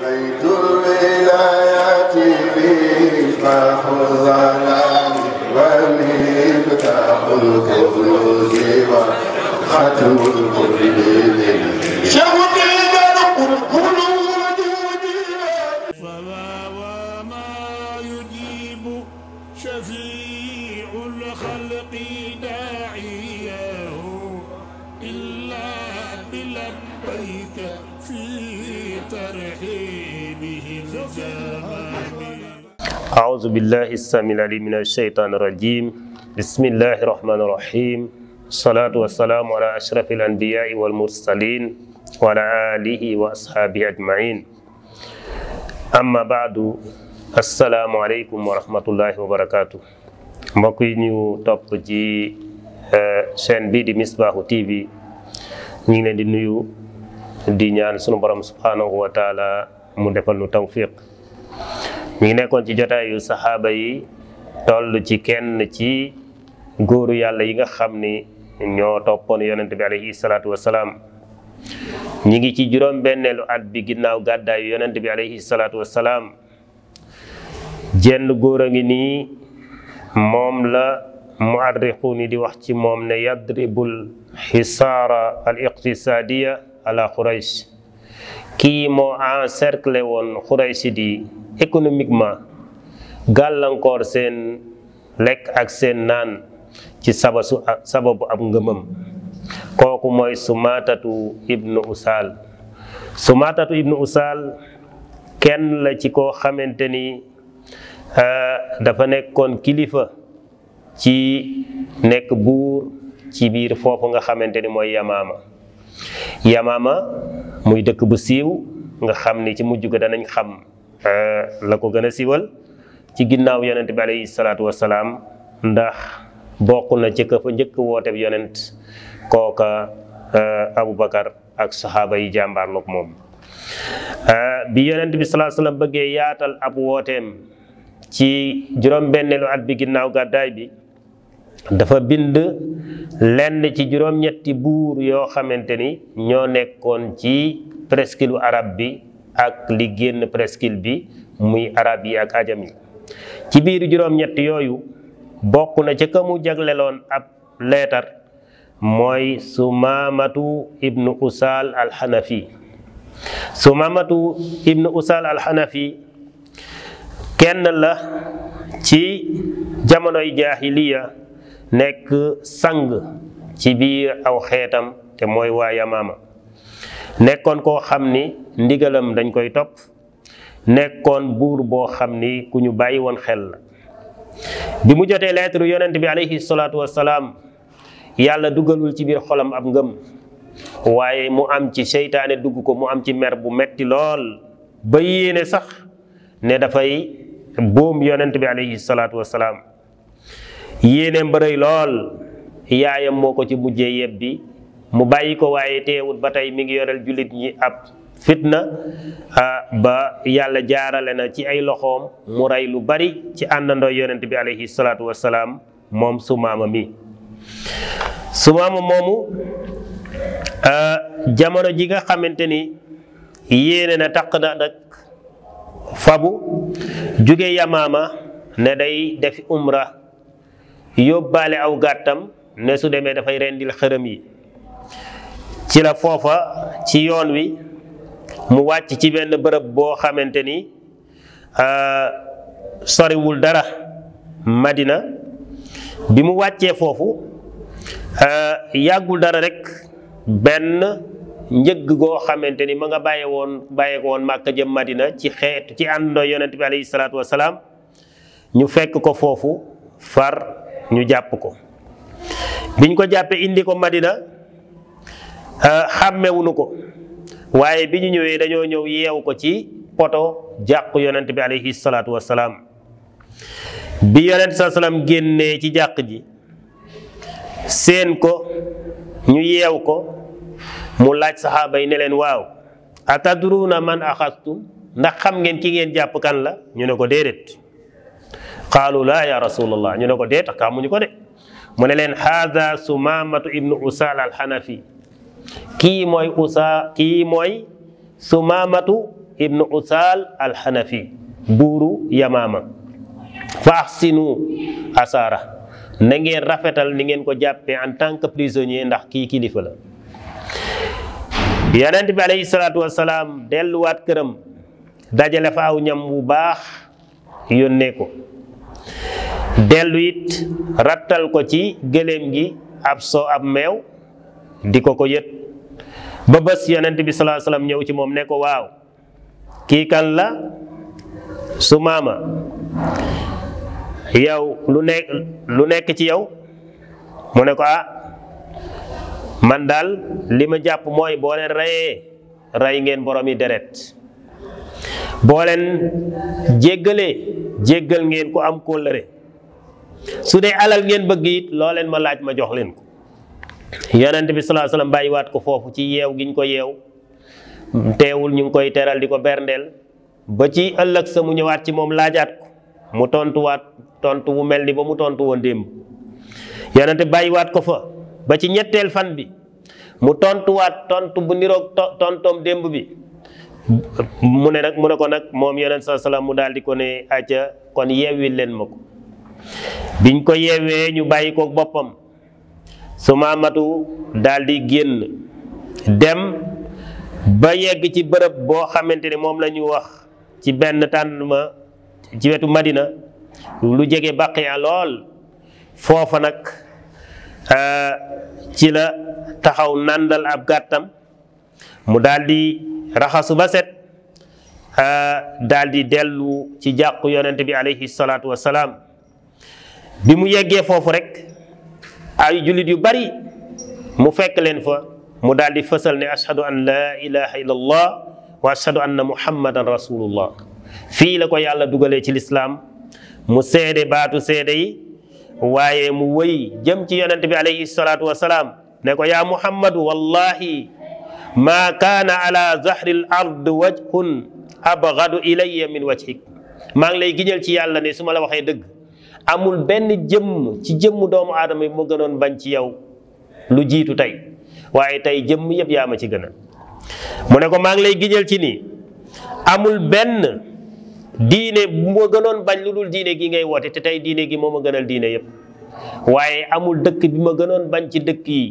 بيت الولايات مفتاح الظلام ومفتاح الخلود وختم الكل لبيك في أعوذ بالله السميع العليم من الشيطان الرجيم بسم الله الرحمن الرحيم الصلاة والسلام على أشرف الأنبياء والمرسلين وعلى آله وأصحابه أجمعين أما بعد السلام عليكم ورحمة الله وبركاته مكوينيو تبجي ñu topp ci chaîne TV ñu ngi leen di nuyu di ñaan sunu borom subhanahu wa taala mu defal nu tawfiq ñu ngi nekkoon ci jotaayu saxaaba yi toll ci kenn ci góoru yàlla yi nga xam ni ñoo toppoon yonent bi alayhi salaatu wasalaam ñi ngi ci juróom benneelu at bi ginnaaw gàddaayu yonent bi alayhi salaatu wasalaam jenn góor a ngi nii moom la muarrixuun di wax ci mom ne yadribul hisara al iqtisadiya ala quraish kii a encerclé won quraish di économiquement galankor sen lek ak sen nan ci sababu sababu ab ngëmam kooku sumata tu ibnu Usal, tu ibnu Usal, ken la ci ko xamanteni euh dafa nekkon kilifa ci nek bour ci bir fofu nga xamanteni moy yamama yamama muy dekk bu siiw nga xamni ci mujju ga danañ xam euh, la ko gëna siwal ci ginnaw yonent bi alayhi salatu wassalam ndax bokku na ci ka fa njëkk woote bi euh abou bakkar ak sahaba yi mom euh bi bi bëgge yaatal ab wotem ci juroom bennelu at bi ginnaw gaday bi dafa bind lenn ci juróom ñetti bour yo xamanteni ni ñoo nekkoon ci presqu'île arab bi ak li genn presqu'île bi muy arab yi ak ajami ci biir juróom ñett yoyu bokku na ci kamu jaglelon ab letter moy sumamatu ibnu usal al Hanafi. sumamatu ibnu usal hanafi kenn la ci jamono jahiliya nekk sang ci biir aw xeetam te mooy waa Yamaama nekkoon koo xam ni ndigalam dañ koy topp nekkoon buur boo xam ni ku ñu bàyyi woon xel la bi mu jotee lettre yonent bi aleyhi salaatu wassalaam yàlla dugalul ci biir xolam ab ngëm waaye mu am ci seytaane dugg ko mu am ci mer bu metti lool ba yéene sax ne dafay boom yonent bi aleyhi salaatu wassalaam yene ba lol yaayam moko ko ci mujjee yebbi mu bayiko ko waaye batay mi ngi yoral julit ñi ab fitna ah, ba yalla jaarale na ci ay loxom mu ray lu bari ci andando yonent bi alayhi salatu wassalam mom sumama mi momu euh ah, jamono ji nga xamanteni yene na taq nak fabu juge yamama ne day def umra yóbbaale aw gàttam ne su demee dafay rendil xërëm yi ci la foofa ci yoon wi mu wàcc ci benn bërëb boo xamante ni euh, soriwul dara Madina bi mu wàccee foofu euh, yàggul dara rekk benn njëgg goo xamante ni mu nga bàyyee woon bàyyee ko woon Màkka jëm Madina ci xeet ci àndandoo yonent bi alayhi salaatu wasalaam ñu fekk ko foofu far ñu jàpp ko biñ ko jàppee indi ko Madina euh, xàmmewuñu ko waaye bi ñu ñëwee dañoo ñëw yeew ko ci poto jàq yonent bi alayhi salaatu wassalaam bi yonent saa salaam génnee ci jàq ji seen ko ñu yeew ko mu laaj saxaaba yi ne leen waaw atadruuna man axastum ndax xam ngeen ki ngeen jàpp kan la ñu ne ko déedéet qalu la ya rasulullah ñu ne ko deet xamuñu ko de mu ne len hadha sumamatu ibnu usal al hanafi ki moy usa ki moy sumamatu ibnu usal al hanafi buru yamama fahsinu asara na ngeen rafetal ni ngeen ko jappé en tant que prisonnier ndax ki kilifa la yonent bi alayhi wassalam delu wat keureum dajale faaw ñam bu baax yonne ko deluit it rattal ko ci gelem gi ab so ab mew di ko yet ba bas yonent bi alaihi wasallam ñew ci mom ne ko waw ki kan la sumama yow lu nek lu nek ci yow mu ne ko ah man dal lima japp moy bo ray ngeen borom yi deret boo leen jéggalee jéggal ngeen ko am kóllëre su dee alal ngeen bëgg it loo leen ma laaj ma jox leen ko yonent bi salaa salaam bàyyiwaat ko foofu ci yeew gi ñu ko yeew teewul ñu ngi koy teral di ko berndeel ba ci ëllëg sa mu ñëwaat ci moom laajaat ko mu tontuwaat tontu bu mel ni ba mu tontu woon démb yonent bàyyiwaat ko fa ba ci ñetteel fan bi mu tontuwaat tontu bu niroog tontoom démb bi mune nak mune ko nag moom yonent sa mu daldi di ko ne acca kon yeewi len mako biñ ko yewé ñu bayiko bopam suma matu daldi genn dem ba yegg ci bërepp bo xamanteni mom moom la wax ci ben tanuma ci wetu madina lu jégué baqiya fofu foofa euh ci la taxaw nandal ab gattam mu daldi raxasu ba set daal di dellu ci jàqu yonent bi alayhi salaatu wasalaam bi mu yeggee foofu rek ay jullit yu bari mu fekk leen fa mu daal di fësal ne ashhadu an laa ilaha illallah wa ashhadu anna muhammadan rasulullah fii la ko yàlla dugalee ci lislaam mu seede baatu seede yi waaye mu wëy jëm ci yonent bi alayhi salaatu wasalaam ne ko yaa muhammadu wallahi maa kaana ala zahril ard wajhun abghadu ilayya min wajhik maa ngi lay gijal ci yàlla ne su ma la waxee dëgg amul benn jëmm ci jëmm doomu aadama yi mu gënoon bañ ci yow lu jiitu tey waaye tey jëmm yëpp yaa ma ci gën mu ne ko maa ngi lay giñal ci nii amul benn diine moo gënoon bañ lu dul diine gi ngay woote te tey diine gi moo ma gënal diine yëpp waaye amul dëkk bi ma gënoon bañ ci dëkk yi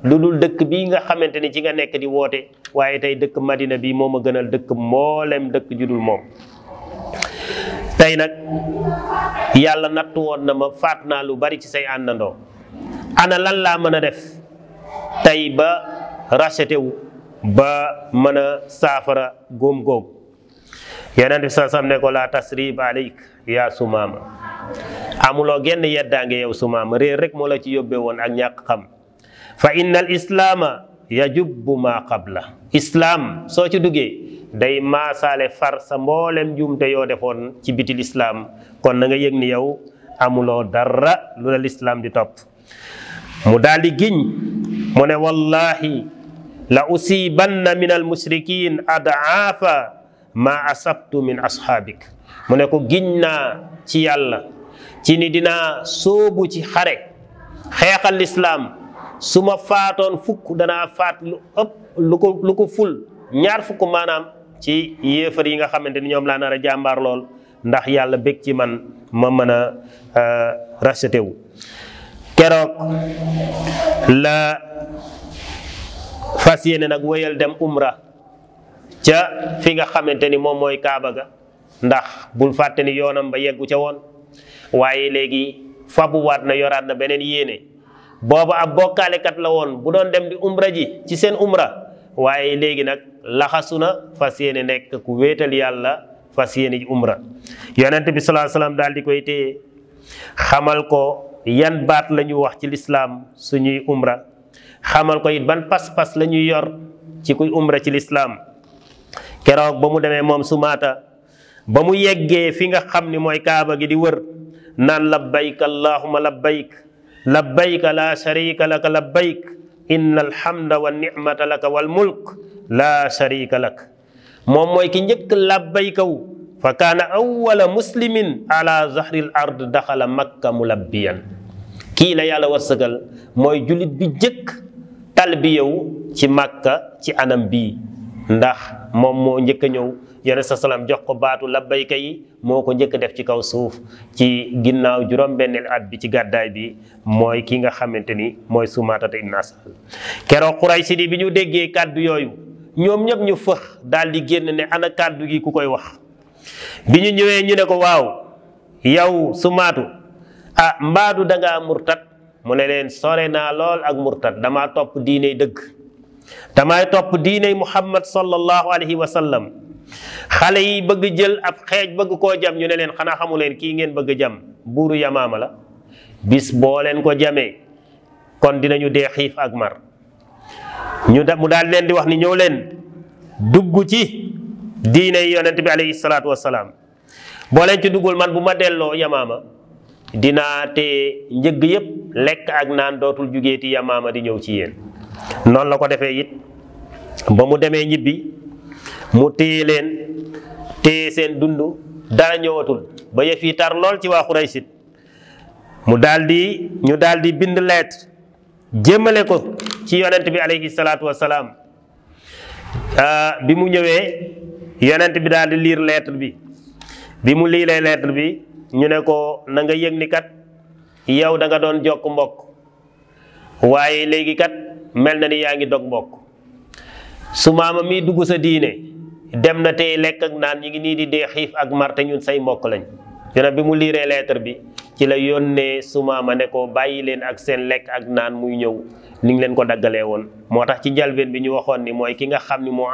lu dul dëkk bii nga xamante ni ci nga nekk di woote waaye tey dëkk Madina bi moo ma gënal dëkk mboolem dëkk ju dul moom tey nag yàlla natt woon na ma faat naa lu bari ci say àndandoo ana lan laa mën a def tey ba racheté wu ba mën a saafara góom-góom yeneen bi saasam ne ko laa tasrib aleyk yaa sumaama amuloo genn yeddaange yow sumaama réer rek moo la ci yóbbe woon ak ñàkk xam fa innal Islam yajubbu ma qabla islam so ci duggee day maasaale far sa mbollem jumte yo defon ci biti l'islam kon na nga yëg ni yow amuloo dara lu l'islam di top mu daal giñ mu wallahi la usibanna min adaafa ma asabtu min ashabik mu ko giñna dina ci yalla ci ni dina sobu ci xare xexal l'islam suma faton fuk dana lu lu ko lu ko ful ñaar fuk manam ci yéefar yi nga xamanteni ñom la laa jambar lol ndax yalla bekk ci man ma euh racheté wu kéro la fasiyene nak wayal dem umrah, ca fi nga xamanteni mom moy kaaba ga ndax bul fatani yonam ba yeggu ca waye legi fabu na yoraat na benen yene bobu ab kat la won bu don dem di umra ji ci sen umra waye legi nak la khasuna fasiyene nek ku umra yonent bi alaihi wasallam dal di koy téye xamal ko yan bat lañu wax ci l'islam suñuy umra xamal ko it ban pas-pas lañu yor ci kuy umra ci l'islam kero ba mu deme mom sumata ba mu yeggee fi nga xamni moy kaaba gi di wër nan labbaik allahumma labbaik لبيك لا شريك لك لبيك إن الحمد والنعمة لك والملك لا شريك لك موموي كي نيك لبيك فكان أول مسلم على ظهر الأرض دخل مكة ملبيا كي لا يالا وسغل موي جوليت بي جيك تالبيو سي مكة في أنام بي ndax mom mo ñëk ñëw yone sa salam jox ko batu labbayka yi moko ko def ci kaw suuf ci ginnaw juróom benel at bi ci gaday bi moy ki nga xamanteni moy sumata te ibn kero quraysi di biñu ñu kaddu yoyu ñom ñep ñu fëx dal di genn ne ana kaddu gi ku koy wax biñu ñu ñu ne ko waw yow sumatu ah mbaadu da nga murtad mu ne len sore naa ak murtad dama top diiney deug damay top muhammad sallallahu alaihi wasallam. xale yi bëgg jël ab xeej bëgg koo jam ñu ne leen xanaa xamu leen kii ngeen bëgg jam buuru yamaama la bis boo leen ko jamee kon dinañu dee xiif ak mar ñu da mu daal leen di wax ni ñëw leen dugg ci diine yonent bi alayhi salaatu wassalaam boo leen ci duggul man bu ma delloo yamaama dinaa tee njëgg yépp lekk ak naan dootul jugeeti yamaama di ñëw ci yéen noonu la ko defee it ba mu demee ñibbi mu téye leen téye seen dund dara ñëwatul ba yëf yi tar lool ci waa quraysit mu daldi di ñu daldi di bind lettre jëmale ko ci yonent bi alayhi salaatu wasalaam ah, bi mu ñëwee yonent bi daldi lire lettre bi bi mu liiree lettre bi ñu ne ko na nga yëg ni kat yow da nga doon jokk mbokk waaye léegi kat mel na ni yaa ngi dog mbokk su maama mi dugg sa diine dem na tay lek ak nan ñi ngi nii di de xif ak marté ñun say mbokk lañ yonent bi mu liré lettre bi ci la ne ko bàyyi bayi ak sen lek ak nan muy ñew ni ngi leen ko daggalee won motax ci njalbeen bi ñu waxon ni moy ki nga xamni ni moo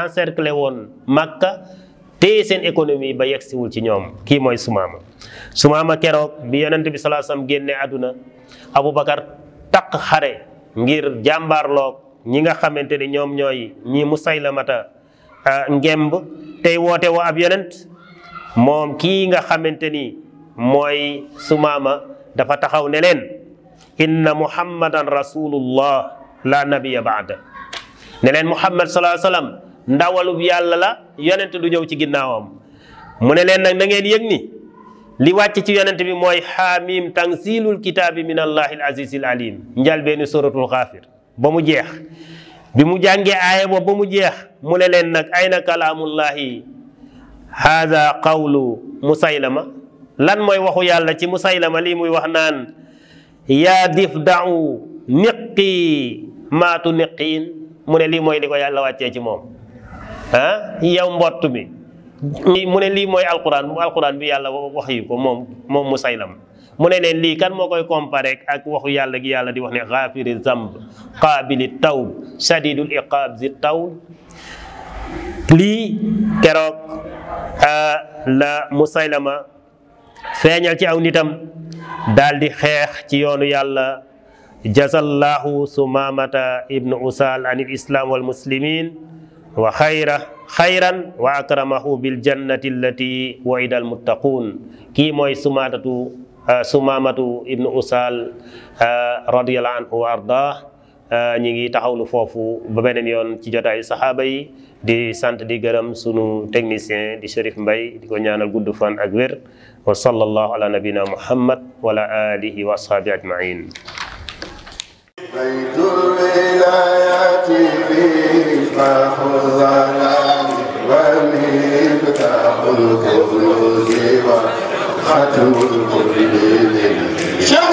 encerclé woon màkka téye seen économie ba wul ci ñoom kii mooy sumama sumama kéro bi yonent bi salaa sam aduna àdduna abubakar tak xaré ngir jàmbaarloog ñi nga xamanteni ñom ñoy ñi musaylamata Euh, ngemb tey woote woo ab yonent moom kii nga xamante ni mooy sumaama dafa taxaw ne leen inna muhammadan rasulullah la nabiya baada ne leen muhammad salaa sallam ndawalub yàlla la yonent du ñëw ci ginnaawam mu ne leen nag na yëg ni li wàcc ci yonent bi mooy xaamim tanzilul kitaabi min allahi al aziz al alim njalbeenu suratul xaafir ba mu jeex bi mu jàngee aaya boobu ba mu jeex mu ne leen nag ayna kalaamullahi haada qawlu musaylama lan mooy waxu yàlla ci mu musaylama lii muy wax naan yaa dif da'u niqi maatu niqiin mu ne lii mooy li ko yàlla wàccee ci moom ah yow mbott bi mu ne lii mooy alquran alquran bi yàlla wax yi ko moom moom musaylama mu ne leen kan mo koy comparer ak waxu yalla gi yalla di wax ne ghafiriz zamb qaabili tawb sadidul iqab zit tawb li keroog la musailama feñal ci aw nitam daldi di ci yoonu yalla jazallahu sumamata ibnu usal anil islam wal muslimin wa khairah, khairan, wa akramahu bil jannati allati waida al muttaqun ki moy sumatatu Eh, sumamatu ibnu usal eh, radhiyallahu anhu wa ñi eh, ngi taxawlu fofu ba benen yoon ci jotaayu sahaba yi di sante di gërëm sunu technicien di Cherif Mbay di ko ñaanal gudd fan ak wér wa sallallahu ala nabina muhammad wa ala alihi wa ashabi ajmain بيت الولايات فيه Sacro,